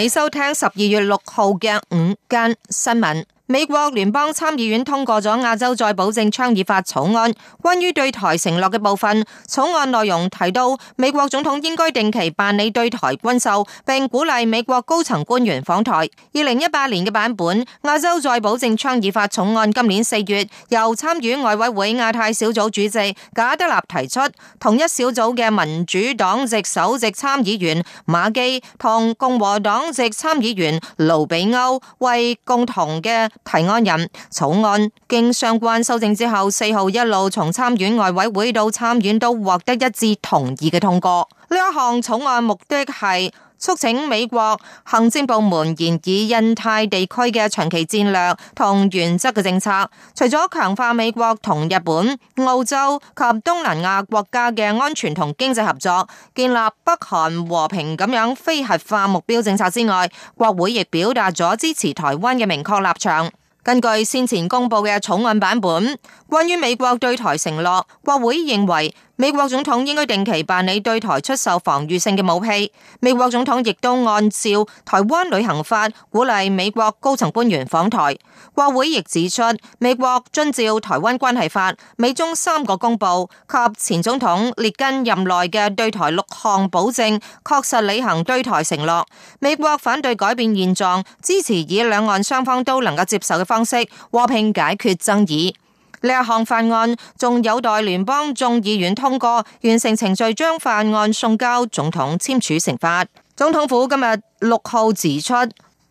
你收聽十二月六號嘅午間新聞。美國聯邦參議院通過咗亞洲再保證倡議法草案，關於對台承諾嘅部分，草案內容提到美國總統應該定期辦理對台軍售，並鼓勵美國高層官員訪台。二零一八年嘅版本，亞洲再保證倡議法草案今年四月由參院外委會亞太小組主席賈德納提出，同一小組嘅民主黨籍首席參議員馬基同共和黨籍參議員盧比歐為共同嘅。提案人草案經相關修正之後，四號一路從參院外委會到參院都獲得一致同意嘅通過。呢一項草案目的係促請美國行政部門研擬印太地區嘅長期戰略同原則嘅政策，除咗強化美國同日本、澳洲及東南亞國家嘅安全同經濟合作，建立北韓和平咁樣非核化目標政策之外，國會亦表達咗支持台灣嘅明確立場。根據先前公布嘅草案版本，關於美國對台承諾，國會認為。美國總統應該定期辦理對台出售防禦性嘅武器。美國總統亦都按照台灣旅行法鼓勵美國高層官員訪台。國會亦指出，美國遵照台灣關係法、美中三個公報及前總統列根任內嘅對台六項保證，確實履行對台承諾。美國反對改變現狀，支持以兩岸雙方都能夠接受嘅方式和平解決爭議。呢一項法案仲有待聯邦眾議院通過，完成程序將法案送交總統簽署成法。總統府今日六號指出，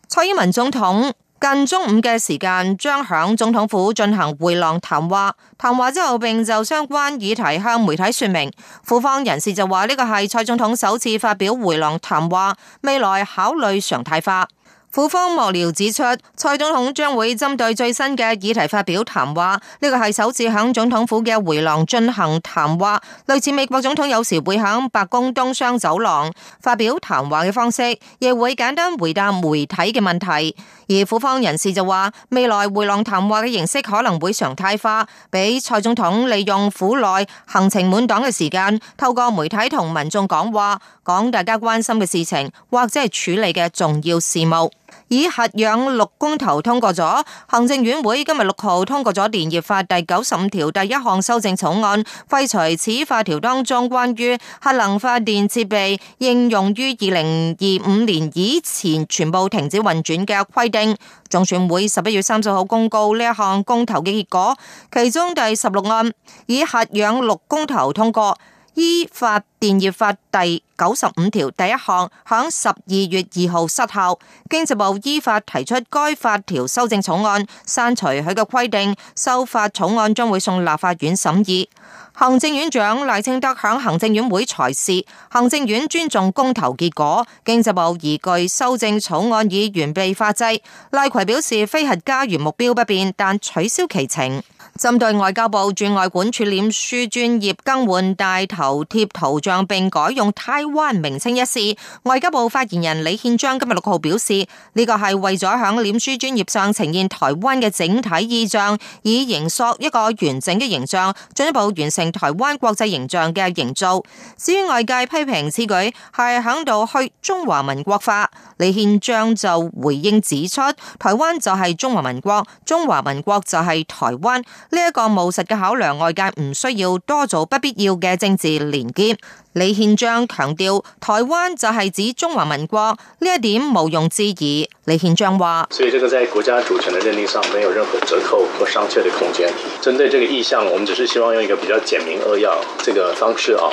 蔡英文總統近中午嘅時間將響總統府進行回廊談話，談話之後並就相關議題向媒體說明。府方人士就話呢個係蔡總統首次發表回廊談話，未來考慮常態化。府方幕僚指出，蔡總統將會針對最新嘅議題發表談話，呢個係首次喺總統府嘅回廊進行談話，類似美國總統有時會喺白宮東商走廊發表談話嘅方式，亦會簡單回答媒體嘅問題。而府方人士就話，未來回廊談話嘅形式可能會常態化，俾蔡總統利用府內行程滿檔嘅時間，透過媒體同民眾講話，講大家關心嘅事情或者係處理嘅重要事務。以核養綠公投通過咗，行政院會今日六號通過咗《電業法》第九十五條第一項修正草案，廢除此法條當中關於核能發電設備應用於二零二五年以前全部停止運轉嘅規定。中選會十一月三十號公告呢一項公投嘅結果，其中第十六案以核養綠公投通過。《依法電業法》第九十五條第一項，響十二月二號失效。經濟部依法提出該法條修正草案，刪除佢嘅規定。修法草案將會送立法院審議。行政院長賴清德響行政院會裁示，行政院尊重公投結果，經濟部依據修正草案已完備法制。賴揆表示，非核家園目標不變，但取消期程。針對外交部駐外管處臉書專業更換大頭貼圖像並改用台灣名稱一事，外交部發言人李憲章今6日六號表示：呢個係為咗喺臉書專業上呈現台灣嘅整體意象，以形塑一個完整嘅形象，進一步完成台灣國際形象嘅營造。至於外界批評此舉係響度去中華民國化，李憲章就回應指出：台灣就係中華民國，中華民國就係台灣。呢、這、一個務實嘅考量，外界唔需要多做不必要嘅政治連結。李憲章強調，台灣就係指中華民國呢一點，毋庸置疑。李憲章話：所以這個在國家主權嘅認定上，沒有任何折扣和商榷嘅空間。針對這個意向，我們只是希望用一個比較簡明扼要這個方式啊。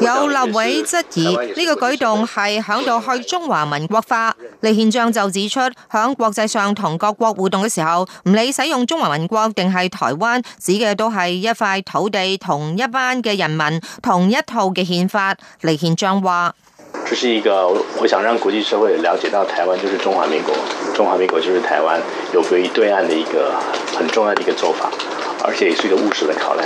有立委質疑呢個舉動係響度去中華民國化，李憲章就指出響國際上同各國互動嘅時候，唔理使用中華民國定係台灣，指嘅都係一塊土地、同一班嘅人民、同一套嘅憲法。李憲章話：這是一個我想讓國際社會了解到台灣就是中華民國，中華民國就是台灣，有別於對岸的一個很重要的一個做法，而且也是一個務實的考量。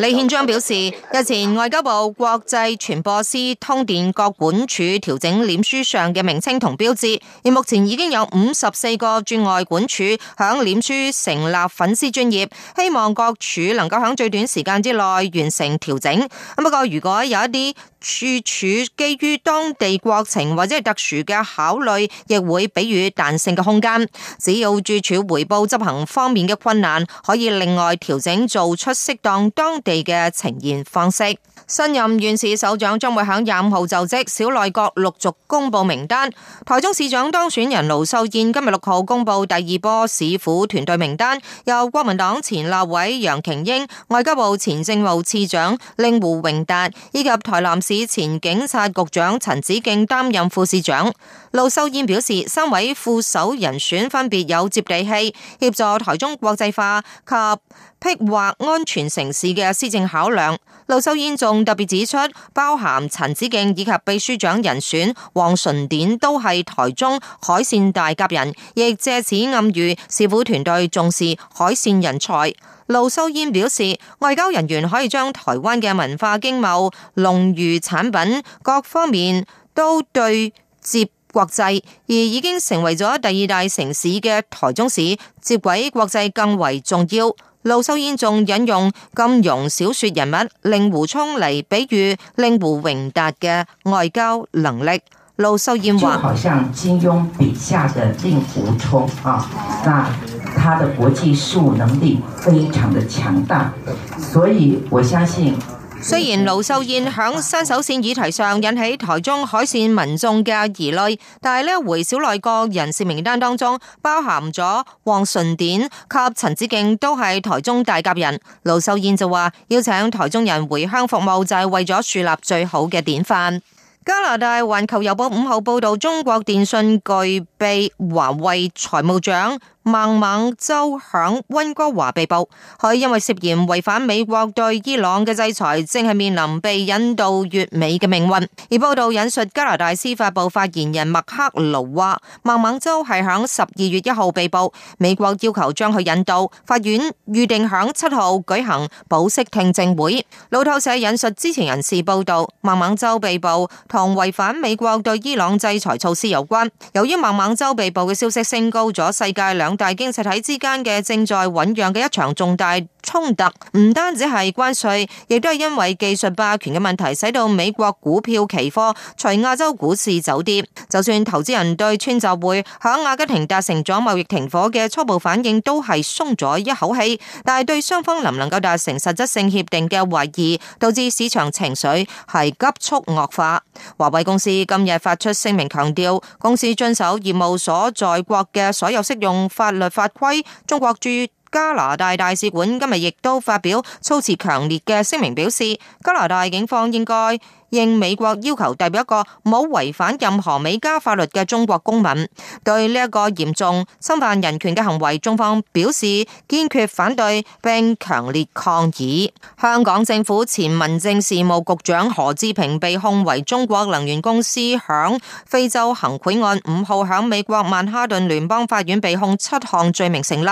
李憲章表示，日前外交部國際傳播司通電各館處調整臉書上嘅名稱同標誌，而目前已經有五十四個駐外館處響臉書成立粉絲專頁，希望各處能夠響最短時間之內完成調整。咁不過，如果有一啲處處基於當地國情或者係特殊嘅考慮，亦會俾予彈性嘅空間。只要駐處回報執行方面嘅困難，可以另外調整做出適當當地嘅呈現方式。新任縣市首長將會喺廿五號就職，小內閣陸續公布名單。台中市長當選人盧秀燕今日六號公布第二波市府團隊名單，由國民黨前立委楊瓊英、外交部前政務次長令胡榮達以及台南市前警察局長陳子敬擔任副市長。盧秀燕表示，三位副手人選分別有接地氣，協助台中國際化及，辟劃安全城市嘅施政考量，盧秀燕仲特別指出，包含陳子敬以及秘書長人選黃純典都係台中海線大甲人，亦借此暗喻市府團隊重視海線人才。盧秀燕表示，外交人員可以將台灣嘅文化經、經貿、農漁產品各方面都對接國際，而已經成為咗第二大城市嘅台中市接軌國際更為重要。盧秀燕仲引用金庸小說人物令狐沖嚟比喻令狐榮達嘅外交能力。盧秀燕話：好像金庸筆下的令狐沖啊，那他的國際事務能力非常的強大，所以我相信。雖然盧秀燕響山手線議題上引起台中海線民眾嘅疑慮，但係呢回小內閣人士名單當中包含咗黃順典及陳志敬，都係台中大甲人。盧秀燕就話邀請台中人回鄉服務就係為咗樹立最好嘅典範。加拿大環球郵報五號報道，中國電信巨擘華為財務長。孟晚舟響溫哥華被捕，佢因為涉嫌違反美國對伊朗嘅制裁，正係面臨被引渡越美嘅命運。而報道引述加拿大司法部發言人麥克盧話，孟晚舟係響十二月一號被捕，美國要求將佢引渡。法院預定響七號舉行保釋聽證會。路透社引述知情人士報道，孟晚舟被捕同違反美國對伊朗制裁措施有關。由於孟晚舟被捕嘅消息升高咗，世界兩。大經濟體之間嘅正在醞釀的一場重大。衝突唔單止係關稅，亦都係因為技術霸權嘅問題，使到美國股票期貨隨亞洲股市走跌。就算投資人對川習會響阿根廷達成咗貿易停火嘅初步反應都係鬆咗一口氣，但係對雙方能唔能夠達成實質性協定嘅懷疑，導致市場情緒係急速惡化。華為公司今日發出聲明，強調公司遵守業務所在國嘅所有適用法律法規。中國駐加拿大大使館今日亦都發表措辭強烈嘅聲明，表示加拿大警方應該應美國要求代表一個冇違反任何美加法律嘅中國公民，對呢一個嚴重侵犯人權嘅行為，中方表示堅決反對並強烈抗議。香港政府前民政事務局長何志平被控為中國能源公司響非洲行賄案五號響美國曼哈頓聯邦法院被控七項罪名成立。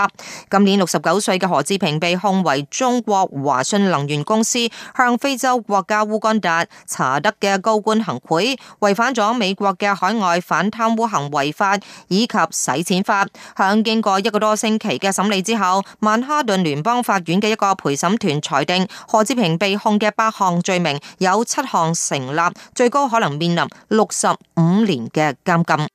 今年六十九歲嘅何志平被控為中國華信能源公司向非洲國家烏干達拿德嘅高官行賄，違反咗美國嘅海外反貪污行為法以及洗錢法。響經過一個多星期嘅審理之後，曼哈頓聯邦法院嘅一個陪審團裁定，何志平被控嘅八項罪名有七項成立，最高可能面臨六十五年嘅監禁。